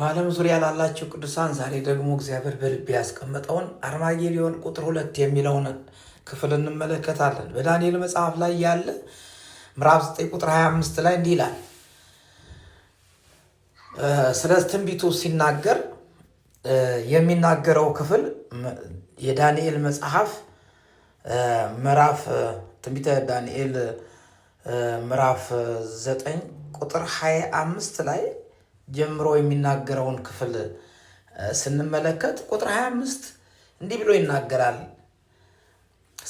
በዓለም ዙሪያ ላላቸው ቅዱሳን ዛሬ ደግሞ እግዚአብሔር በልቤ ያስቀመጠውን አርማጌዲዮን ቁጥር ሁለት የሚለውን ክፍል እንመለከታለን። በዳንኤል መጽሐፍ ላይ ያለ ምዕራፍ 9 ቁጥር 25 ላይ እንዲህ ይላል። ስለ ትንቢቱ ሲናገር የሚናገረው ክፍል የዳንኤል መጽሐፍ ምዕራፍ ትንቢተ ዳንኤል ምዕራፍ 9 ቁጥር 25 ላይ ጀምሮ የሚናገረውን ክፍል ስንመለከት ቁጥር 25 እንዲህ ብሎ ይናገራል።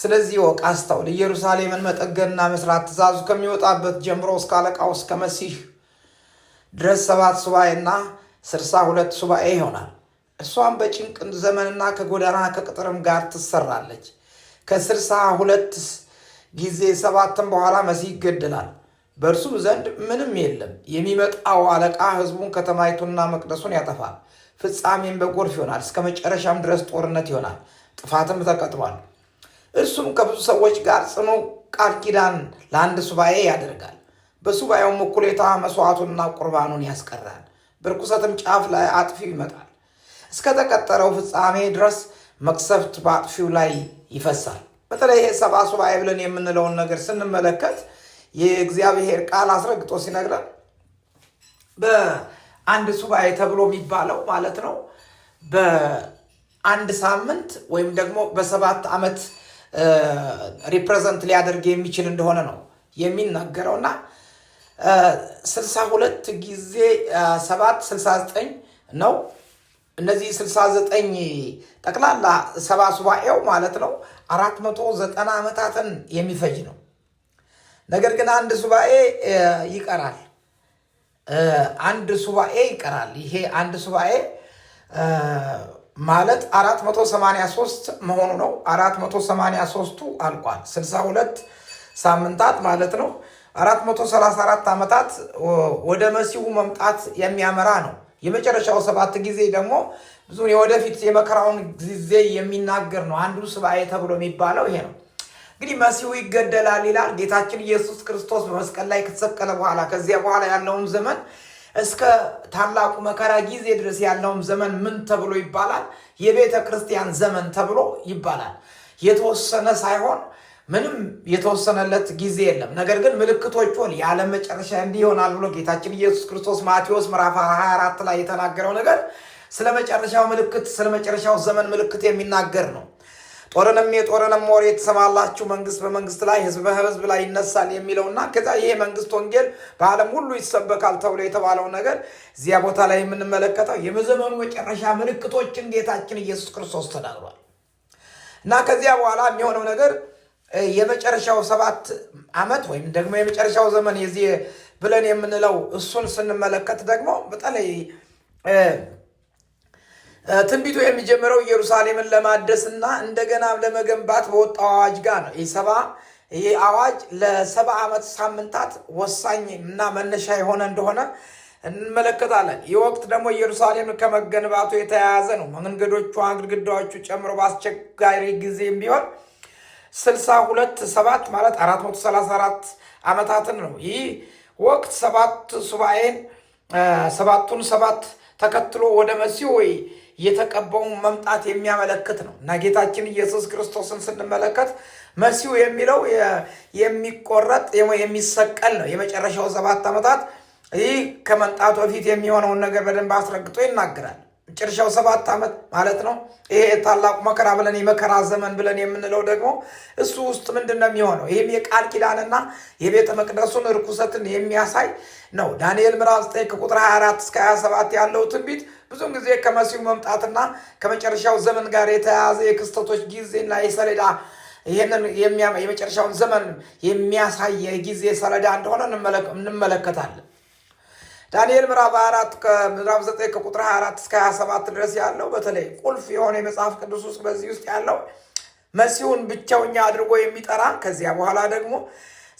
ስለዚህ ወቅ አስተውል፣ ኢየሩሳሌምን መጠገንና መስራት ትእዛዙ ከሚወጣበት ጀምሮ እስከ አለቃው እስከ መሲህ ድረስ ሰባት ሱባኤና ስልሳ ሁለት ሱባኤ ይሆናል። እሷም በጭንቅ ዘመንና ከጎዳና ከቅጥርም ጋር ትሰራለች። ከስልሳ ሁለት ጊዜ ሰባትም በኋላ መሲህ ይገደላል። በእርሱም ዘንድ ምንም የለም። የሚመጣው አለቃ ህዝቡን ከተማይቱና መቅደሱን ያጠፋል። ፍጻሜም በጎርፍ ይሆናል። እስከ መጨረሻም ድረስ ጦርነት ይሆናል። ጥፋትም ተቀጥሯል። እርሱም ከብዙ ሰዎች ጋር ጽኑ ቃል ኪዳን ለአንድ ሱባኤ ያደርጋል። በሱባኤውም እኩሌታ መስዋዕቱንና ቁርባኑን ያስቀራል። በርኩሰትም ጫፍ ላይ አጥፊው ይመጣል። እስከ ተቀጠረው ፍጻሜ ድረስ መቅሰፍት በአጥፊው ላይ ይፈሳል። በተለይ ሰባ ሱባኤ ብለን የምንለውን ነገር ስንመለከት የእግዚአብሔር ቃል አስረግጦ ሲነግረን በአንድ ሱባኤ ተብሎ የሚባለው ማለት ነው በአንድ ሳምንት ወይም ደግሞ በሰባት ዓመት ሪፕሬዘንት ሊያደርግ የሚችል እንደሆነ ነው የሚናገረው እና ስልሳ ሁለት ጊዜ ሰባት ስልሳ ዘጠኝ ነው። እነዚህ ስልሳ ዘጠኝ ጠቅላላ ሰባ ሱባኤው ማለት ነው አራት መቶ ዘጠና ዓመታትን የሚፈጅ ነው። ነገር ግን አንድ ሱባኤ ይቀራል። አንድ ሱባኤ ይቀራል። ይሄ አንድ ሱባኤ ማለት 483 መሆኑ ነው። 483ቱ አልቋል። 62 ሳምንታት ማለት ነው። 434 ዓመታት ወደ መሲሁ መምጣት የሚያመራ ነው። የመጨረሻው ሰባት ጊዜ ደግሞ ብዙ የወደፊት የመከራውን ጊዜ የሚናገር ነው። አንዱ ሱባኤ ተብሎ የሚባለው ይሄ ነው። እንግዲህ መሲሁ ይገደላል ይላል። ጌታችን ኢየሱስ ክርስቶስ በመስቀል ላይ ከተሰቀለ በኋላ ከዚያ በኋላ ያለውም ዘመን እስከ ታላቁ መከራ ጊዜ ድረስ ያለውም ዘመን ምን ተብሎ ይባላል? የቤተ ክርስቲያን ዘመን ተብሎ ይባላል። የተወሰነ ሳይሆን ምንም የተወሰነለት ጊዜ የለም። ነገር ግን ምልክቶቹን የዓለም መጨረሻ እንዲህ ይሆናል ብሎ ጌታችን ኢየሱስ ክርስቶስ ማቴዎስ ምዕራፍ 24 ላይ የተናገረው ነገር ስለ መጨረሻው ምልክት ስለ መጨረሻው ዘመን ምልክት የሚናገር ነው። ጦርንም የጦርንም ወሬ የተሰማላችሁ መንግስት በመንግስት ላይ ህዝብ በህዝብ ላይ ይነሳል የሚለውና ከዛ ይሄ መንግስት ወንጌል በዓለም ሁሉ ይሰበካል ተብሎ የተባለው ነገር እዚያ ቦታ ላይ የምንመለከተው የመዘመኑ መጨረሻ ምልክቶችን ጌታችን ኢየሱስ ክርስቶስ ተናግሯል እና ከዚያ በኋላ የሚሆነው ነገር የመጨረሻው ሰባት ዓመት ወይም ደግሞ የመጨረሻው ዘመን የዚህ ብለን የምንለው እሱን ስንመለከት ደግሞ በተለይ ትንቢቱ የሚጀምረው ኢየሩሳሌምን ለማደስና እንደገና ለመገንባት በወጣው አዋጅ ጋር ነው። ይህ ሰባ ይህ አዋጅ ለሰባ ዓመት ሳምንታት ወሳኝ እና መነሻ የሆነ እንደሆነ እንመለከታለን። ይህ ወቅት ደግሞ ኢየሩሳሌም ከመገንባቱ የተያያዘ ነው። መንገዶቹ፣ ግድግዳዎቹ ጨምሮ በአስቸጋሪ ጊዜም ቢሆን 62 ሰባት ማለት 434 ዓመታትን ነው። ይህ ወቅት ሰባት ሱባኤን ሰባቱን ሰባት ተከትሎ ወደ መሲሁ ወይ የተቀባውን መምጣት የሚያመለክት ነው እና ጌታችን ኢየሱስ ክርስቶስን ስንመለከት መሲሁ የሚለው የሚቆረጥ የሚሰቀል ነው። የመጨረሻው ሰባት ዓመታት ይህ ከመምጣቱ በፊት የሚሆነውን ነገር በደንብ አስረግጦ ይናገራል። መጨረሻው ሰባት ዓመት ማለት ነው። ይሄ ታላቁ መከራ ብለን የመከራ ዘመን ብለን የምንለው ደግሞ እሱ ውስጥ ምንድን ነው የሚሆነው? ይህም የቃል ኪዳንና የቤተ መቅደሱን ርኩሰትን የሚያሳይ ነው። ዳንኤል ምዕራፍ 9 ከቁጥር 24 እስከ 27 ያለው ትንቢት ብዙን ጊዜ ከመሲሁ መምጣትና ከመጨረሻው ዘመን ጋር የተያያዘ የክስተቶች ጊዜና የሰሌዳ ይህንን የመጨረሻውን ዘመን የሚያሳይ የጊዜ ሰሌዳ እንደሆነ እንመለከታለን። ዳንኤል ምዕራፍ 24 ከምዕራፍ 9 ከቁጥር 24 እስከ 27 ድረስ ያለው በተለይ ቁልፍ የሆነ የመጽሐፍ ቅዱስ ውስጥ በዚህ ውስጥ ያለው መሲሁን ብቸኛ አድርጎ የሚጠራ ከዚያ በኋላ ደግሞ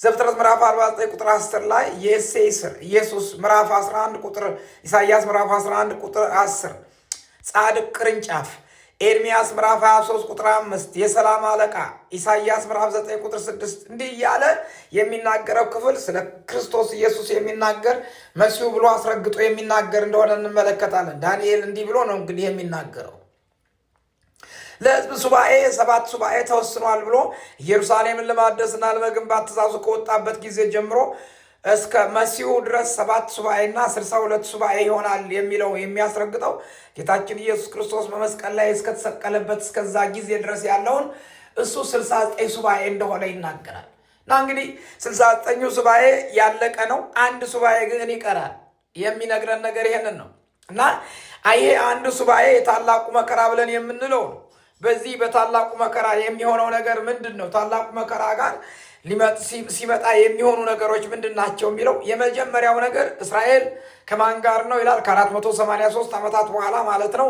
ዘፍጥረት ምዕራፍ 49 ቁጥር 10 ላይ የእሴይ ስር ኢየሱስ ምዕራፍ 11 ቁጥር ኢሳያስ ምዕራፍ 11 ቁጥር 10 ጻድቅ ቅርንጫፍ ኤርሚያስ ምዕራፍ 23 ቁጥር 5 የሰላም አለቃ ኢሳይያስ ምዕራፍ 9 ቁጥር 6 እንዲህ እያለ የሚናገረው ክፍል ስለ ክርስቶስ ኢየሱስ የሚናገር መሲሁ ብሎ አስረግጦ የሚናገር እንደሆነ እንመለከታለን። ዳንኤል እንዲህ ብሎ ነው እንግዲህ የሚናገረው ለሕዝብ ሱባኤ የሰባት ሱባኤ ተወስኗል ብሎ ኢየሩሳሌምን ለማደስና ለመገንባት ትእዛዙ ከወጣበት ጊዜ ጀምሮ እስከ መሲሁ ድረስ ሰባት ሱባኤና ስልሳ ሁለት ሱባኤ ይሆናል የሚለው የሚያስረግጠው ጌታችን ኢየሱስ ክርስቶስ በመስቀል ላይ እስከተሰቀለበት እስከዛ ጊዜ ድረስ ያለውን እሱ ስልሳ ዘጠኝ ሱባኤ እንደሆነ ይናገራል። እና እንግዲህ ስልሳ ዘጠኙ ሱባኤ ያለቀ ነው። አንድ ሱባኤ ግን ይቀራል። የሚነግረን ነገር ይሄንን ነው እና ይሄ አንድ ሱባኤ የታላቁ መከራ ብለን የምንለው ነው። በዚህ በታላቁ መከራ የሚሆነው ነገር ምንድን ነው? ታላቁ መከራ ጋር ሲመጣ የሚሆኑ ነገሮች ምንድን ናቸው የሚለው የመጀመሪያው ነገር እስራኤል ከማን ጋር ነው ይላል። ከ483 ዓመታት በኋላ ማለት ነው።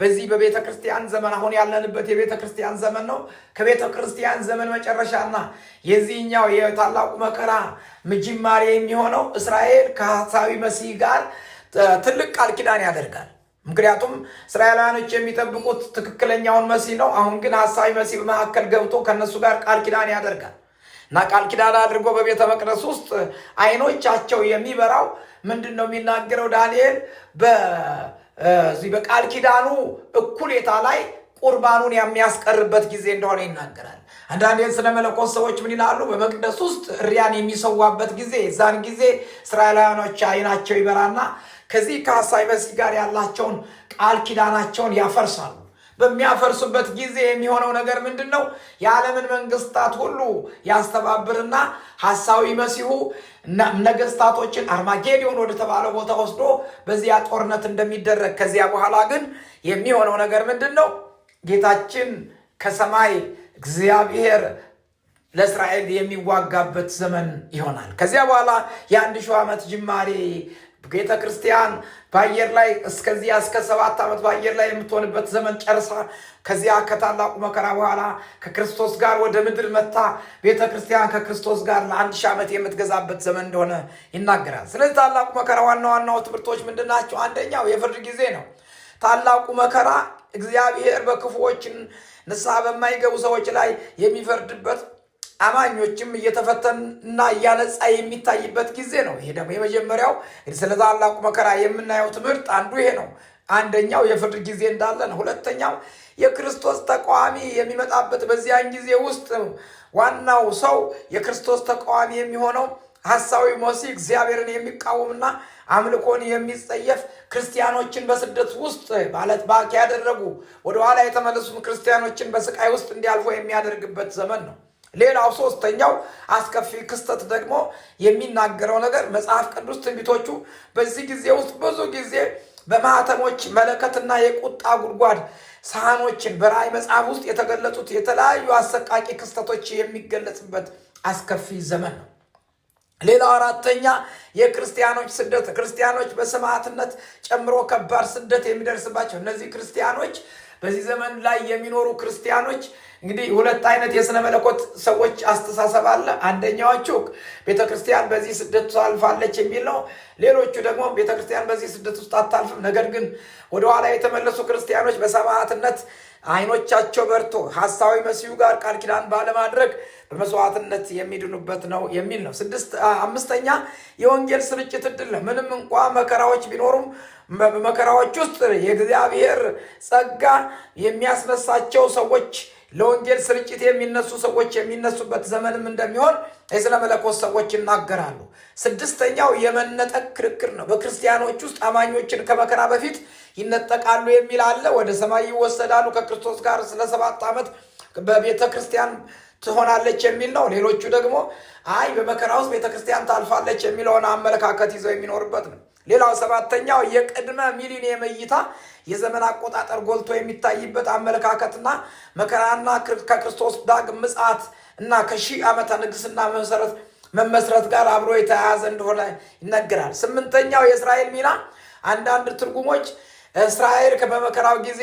በዚህ በቤተ ክርስቲያን ዘመን አሁን ያለንበት የቤተ ክርስቲያን ዘመን ነው። ከቤተ ክርስቲያን ዘመን መጨረሻና የዚህኛው የታላቁ መከራ ጅማሬ የሚሆነው እስራኤል ከሐሳዊ መሲህ ጋር ትልቅ ቃል ኪዳን ያደርጋል። ምክንያቱም እስራኤላውያኖች የሚጠብቁት ትክክለኛውን መሲ ነው። አሁን ግን ሀሳቢ መሲ በመካከል ገብቶ ከእነሱ ጋር ቃል ኪዳን ያደርጋል እና ቃል ኪዳን አድርጎ በቤተ መቅደስ ውስጥ አይኖቻቸው የሚበራው ምንድን ነው የሚናገረው ዳንኤል በዚህ በቃል ኪዳኑ እኩሌታ ላይ ቁርባኑን የሚያስቀርበት ጊዜ እንደሆነ ይናገራል። አንዳንዴን ስነ መለኮት ሰዎች ምን ይላሉ? በመቅደስ ውስጥ እሪያን የሚሰዋበት ጊዜ፣ የዛን ጊዜ እስራኤላውያኖች አይናቸው ይበራና ከዚህ ከሐሳዊ መሲህ ጋር ያላቸውን ቃል ኪዳናቸውን ያፈርሳሉ። በሚያፈርሱበት ጊዜ የሚሆነው ነገር ምንድን ነው? የዓለምን መንግስታት ሁሉ ያስተባብርና ሐሳዊ መሲሁ ነገስታቶችን አርማጌዲዮን ወደ ተባለ ቦታ ወስዶ በዚያ ጦርነት እንደሚደረግ ከዚያ በኋላ ግን የሚሆነው ነገር ምንድን ነው? ጌታችን ከሰማይ እግዚአብሔር ለእስራኤል የሚዋጋበት ዘመን ይሆናል። ከዚያ በኋላ የአንድ ሺህ ዓመት ጅማሬ ቤተ ክርስቲያን በአየር ላይ እስከዚያ እስከ ሰባት ዓመት በአየር ላይ የምትሆንበት ዘመን ጨርሳ ከዚያ ከታላቁ መከራ በኋላ ከክርስቶስ ጋር ወደ ምድር መታ ቤተ ክርስቲያን ከክርስቶስ ጋር ለአንድ ሺህ ዓመት የምትገዛበት ዘመን እንደሆነ ይናገራል። ስለዚህ ታላቁ መከራ ዋና ዋናው ትምህርቶች ምንድን ናቸው? አንደኛው የፍርድ ጊዜ ነው። ታላቁ መከራ እግዚአብሔር በክፉዎችን ንስሐ በማይገቡ ሰዎች ላይ የሚፈርድበት አማኞችም እየተፈተንና እያነጻ የሚታይበት ጊዜ ነው። ይሄ ደግሞ የመጀመሪያው ስለ ታላቁ መከራ የምናየው ትምህርት አንዱ ይሄ ነው። አንደኛው የፍርድ ጊዜ እንዳለ ነው። ሁለተኛው የክርስቶስ ተቃዋሚ የሚመጣበት በዚያን ጊዜ ውስጥ ዋናው ሰው የክርስቶስ ተቃዋሚ የሚሆነው ሐሳዊ ሞሲ እግዚአብሔርን የሚቃወምና አምልኮን የሚጸየፍ ክርስቲያኖችን በስደት ውስጥ ማለት ባክ ያደረጉ ወደኋላ የተመለሱም ክርስቲያኖችን በስቃይ ውስጥ እንዲያልፎ የሚያደርግበት ዘመን ነው። ሌላው ሶስተኛው አስከፊ ክስተት ደግሞ የሚናገረው ነገር መጽሐፍ ቅዱስ ትንቢቶቹ በዚህ ጊዜ ውስጥ ብዙ ጊዜ በማህተሞች መለከትና የቁጣ ጉድጓድ ሳህኖችን በራእይ መጽሐፍ ውስጥ የተገለጹት የተለያዩ አሰቃቂ ክስተቶች የሚገለጽበት አስከፊ ዘመን ነው። ሌላው አራተኛ የክርስቲያኖች ስደት፣ ክርስቲያኖች በሰማዕትነት ጨምሮ ከባድ ስደት የሚደርስባቸው እነዚህ ክርስቲያኖች በዚህ ዘመን ላይ የሚኖሩ ክርስቲያኖች እንግዲህ ሁለት አይነት የሥነ መለኮት ሰዎች አስተሳሰብ አለ። አንደኛዎቹ ቤተ ክርስቲያን በዚህ ስደት አልፋለች የሚል ነው። ሌሎቹ ደግሞ ቤተ ክርስቲያን በዚህ ስደት ውስጥ አታልፍም፣ ነገር ግን ወደኋላ የተመለሱ ክርስቲያኖች በሰማዕትነት አይኖቻቸው በርቶ ሀሳዊ መሲሁ ጋር ቃል ኪዳን ባለማድረግ በመስዋዕትነት የሚድኑበት ነው የሚል ነው። አምስተኛ የወንጌል ስርጭት እድል ነው። ምንም እንኳ መከራዎች ቢኖሩም በመከራዎች ውስጥ የእግዚአብሔር ጸጋ የሚያስነሳቸው ሰዎች ለወንጌል ስርጭት የሚነሱ ሰዎች የሚነሱበት ዘመንም እንደሚሆን የስነ መለኮት ሰዎች ይናገራሉ። ስድስተኛው የመነጠቅ ክርክር ነው። በክርስቲያኖች ውስጥ አማኞችን ከመከራ በፊት ይነጠቃሉ የሚል አለ። ወደ ሰማይ ይወሰዳሉ፣ ከክርስቶስ ጋር ስለ ሰባት ዓመት በቤተ ክርስቲያን ትሆናለች የሚል ነው። ሌሎቹ ደግሞ አይ በመከራ ውስጥ ቤተ ክርስቲያን ታልፋለች የሚለውን አመለካከት ይዘው የሚኖርበት ነው። ሌላው ሰባተኛው የቅድመ ሚሊኒየም እይታ የዘመን አቆጣጠር ጎልቶ የሚታይበት አመለካከትና መከራና ከክርስቶስ ዳግም ምጽአት እና ከሺህ ዓመተ ንግስና መሰረት መመስረት ጋር አብሮ የተያያዘ እንደሆነ ይነገራል። ስምንተኛው የእስራኤል ሚና አንዳንድ ትርጉሞች እስራኤል በመከራው ጊዜ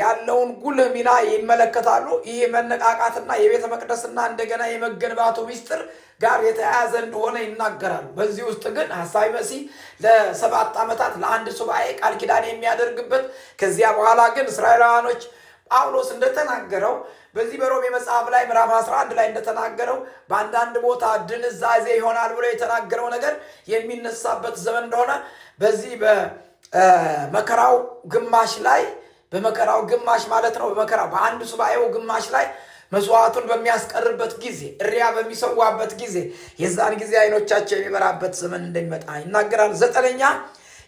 ያለውን ጉልህ ሚና ይመለከታሉ። ይህ መነቃቃትና የቤተ መቅደስና እንደገና የመገንባቱ ሚስጥር ጋር የተያያዘ እንደሆነ ይናገራሉ። በዚህ ውስጥ ግን ሐሳዊ መሲህ ለሰባት ዓመታት ለአንድ ሱባኤ ቃል ኪዳን የሚያደርግበት ከዚያ በኋላ ግን እስራኤላውያኖች ጳውሎስ እንደተናገረው በዚህ በሮሜ መጽሐፍ ላይ ምዕራፍ 11 ላይ እንደተናገረው በአንዳንድ ቦታ ድንዛዜ ይሆናል ብሎ የተናገረው ነገር የሚነሳበት ዘመን እንደሆነ በዚህ በመከራው ግማሽ ላይ በመከራው ግማሽ ማለት ነው። በመከራው በአንድ ሱባኤው ግማሽ ላይ መስዋዕቱን በሚያስቀርበት ጊዜ፣ እሪያ በሚሰዋበት ጊዜ የዛን ጊዜ አይኖቻቸው የሚበራበት ዘመን እንደሚመጣ ይናገራል። ዘጠነኛ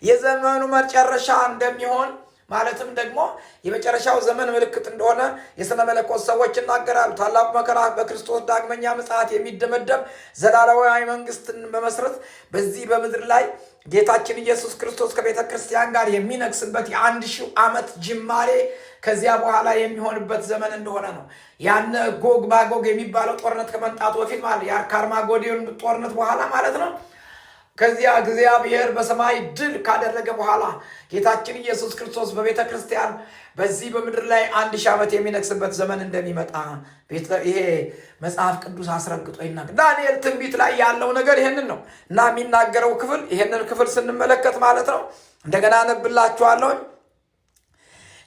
የዘመኑ መጨረሻ እንደሚሆን ማለትም ደግሞ የመጨረሻው ዘመን ምልክት እንደሆነ የሥነ መለኮት ሰዎች ይናገራሉ። ታላቁ መከራ በክርስቶስ ዳግመኛ ምጽአት የሚደመደም ዘላለማዊ መንግስትን በመስረት በዚህ በምድር ላይ ጌታችን ኢየሱስ ክርስቶስ ከቤተ ክርስቲያን ጋር የሚነግስበት የአንድ ሺህ ዓመት ጅማሬ ከዚያ በኋላ የሚሆንበት ዘመን እንደሆነ ነው። ያነ ጎግ ማጎግ የሚባለው ጦርነት ከመምጣቱ በፊት ማለት የአርካርማጎዲዮን ጦርነት በኋላ ማለት ነው ከዚያ እግዚአብሔር በሰማይ ድል ካደረገ በኋላ ጌታችን ኢየሱስ ክርስቶስ በቤተ ክርስቲያን በዚህ በምድር ላይ አንድ ሺህ ዓመት የሚነግስበት ዘመን እንደሚመጣ ይሄ መጽሐፍ ቅዱስ አስረግጦ ይናገር። ዳንኤል ትንቢት ላይ ያለው ነገር ይህንን ነው እና የሚናገረው ክፍል ይህንን ክፍል ስንመለከት ማለት ነው። እንደገና አነብላችኋለሁ።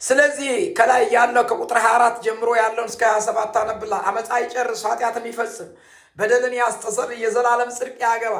ስለዚህ ከላይ ያለው ከቁጥር 24 ጀምሮ ያለውን እስከ 27 አነብላ አመፃ ይጨርስ፣ ኃጢአትም ይፈጽም፣ በደልን ያስተሰር፣ የዘላለም ጽድቅ ያገባ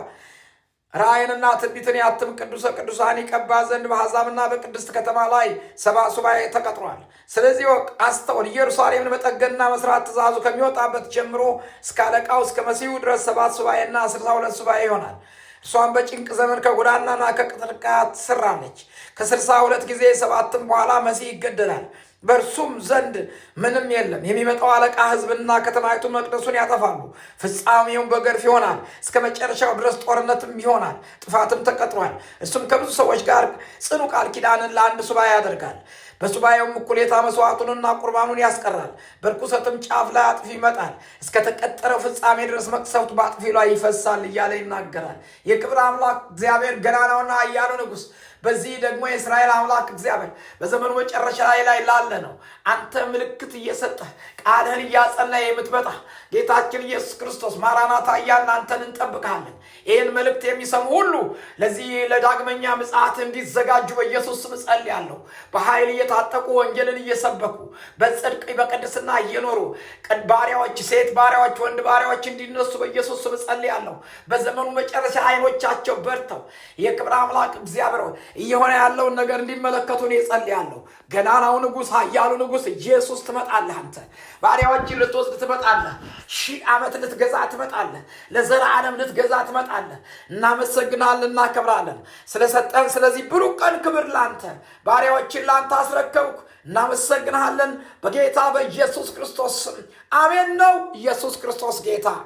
ራእይንና ትንቢትን ያትም ቅዱሰ ቅዱሳን ይቀባ ዘንድ በአሕዛብና በቅድስት ከተማ ላይ ሰባ ሱባኤ ተቀጥሯል። ስለዚህ ወቅ አስተውል። ኢየሩሳሌምን መጠገንና መስራት ትእዛዙ ከሚወጣበት ጀምሮ እስከ አለቃው እስከ መሲሁ ድረስ ሰባት ሱባኤና ስልሳ ሁለት ሱባኤ ይሆናል። እርሷን በጭንቅ ዘመን ከጎዳናና ከቅጥር ጋር ትሰራለች። ከስልሳ ሁለት ጊዜ ሰባትም በኋላ መሲህ ይገደላል። በእርሱም ዘንድ ምንም የለም። የሚመጣው አለቃ ህዝብና ከተማይቱ መቅደሱን ያጠፋሉ። ፍጻሜውም በገርፍ ይሆናል። እስከ መጨረሻው ድረስ ጦርነትም ይሆናል። ጥፋትም ተቀጥሯል። እሱም ከብዙ ሰዎች ጋር ጽኑ ቃል ኪዳንን ለአንድ ሱባኤ ያደርጋል። በሱባኤውም እኩሌታ መስዋዕቱንና ቁርባኑን ያስቀራል። በርኩሰትም ጫፍ ላይ አጥፊ ይመጣል። እስከ ተቀጠረው ፍጻሜ ድረስ መቅሰፍቱ በአጥፊ ላይ ይፈሳል እያለ ይናገራል። የክብር አምላክ እግዚአብሔር ገናናውና አያሉ ንጉሥ በዚህ ደግሞ የእስራኤል አምላክ እግዚአብሔር በዘመኑ መጨረሻ ላይ ላይ ላለ ነው አንተ ምልክት እየሰጠ ቃልህን እያጸና የምትመጣ ጌታችን ኢየሱስ ክርስቶስ ማራናታ እያልን አንተን እንጠብቃለን። ይህን መልእክት የሚሰሙ ሁሉ ለዚህ ለዳግመኛ ምጽአት እንዲዘጋጁ በኢየሱስ ስም ጸልያለሁ። በኃይል እየታጠቁ ወንጌልን እየሰበኩ በጽድቅ በቅድስና እየኖሩ ባሪያዎች፣ ሴት ባሪያዎች፣ ወንድ ባሪያዎች እንዲነሱ በኢየሱስ ስም ጸልያለሁ። በዘመኑ መጨረሻ አይኖቻቸው በርተው የክብር አምላክ እግዚአብሔር እየሆነ ያለውን ነገር እንዲመለከቱ እኔ ጸልያለሁ። ገናናው ንጉሥ፣ ኃያሉ ንጉሥ ኢየሱስ ትመጣለህ። አንተ ባሪያዎችን ልትወስድ ትመጣለህ። ሺህ ዓመት ልትገዛ ትመጣለህ። ለዘረ ዓለም ልትገዛ ትመጣለህ። እናመሰግናለን፣ እናከብራለን ስለሰጠን ስለዚህ ብሩህ ቀን። ክብር ላንተ፣ ባሪያዎችን ላንተ አስረከብኩ። እናመሰግናለን በጌታ በኢየሱስ ክርስቶስ ስም አሜን። ነው ኢየሱስ ክርስቶስ ጌታ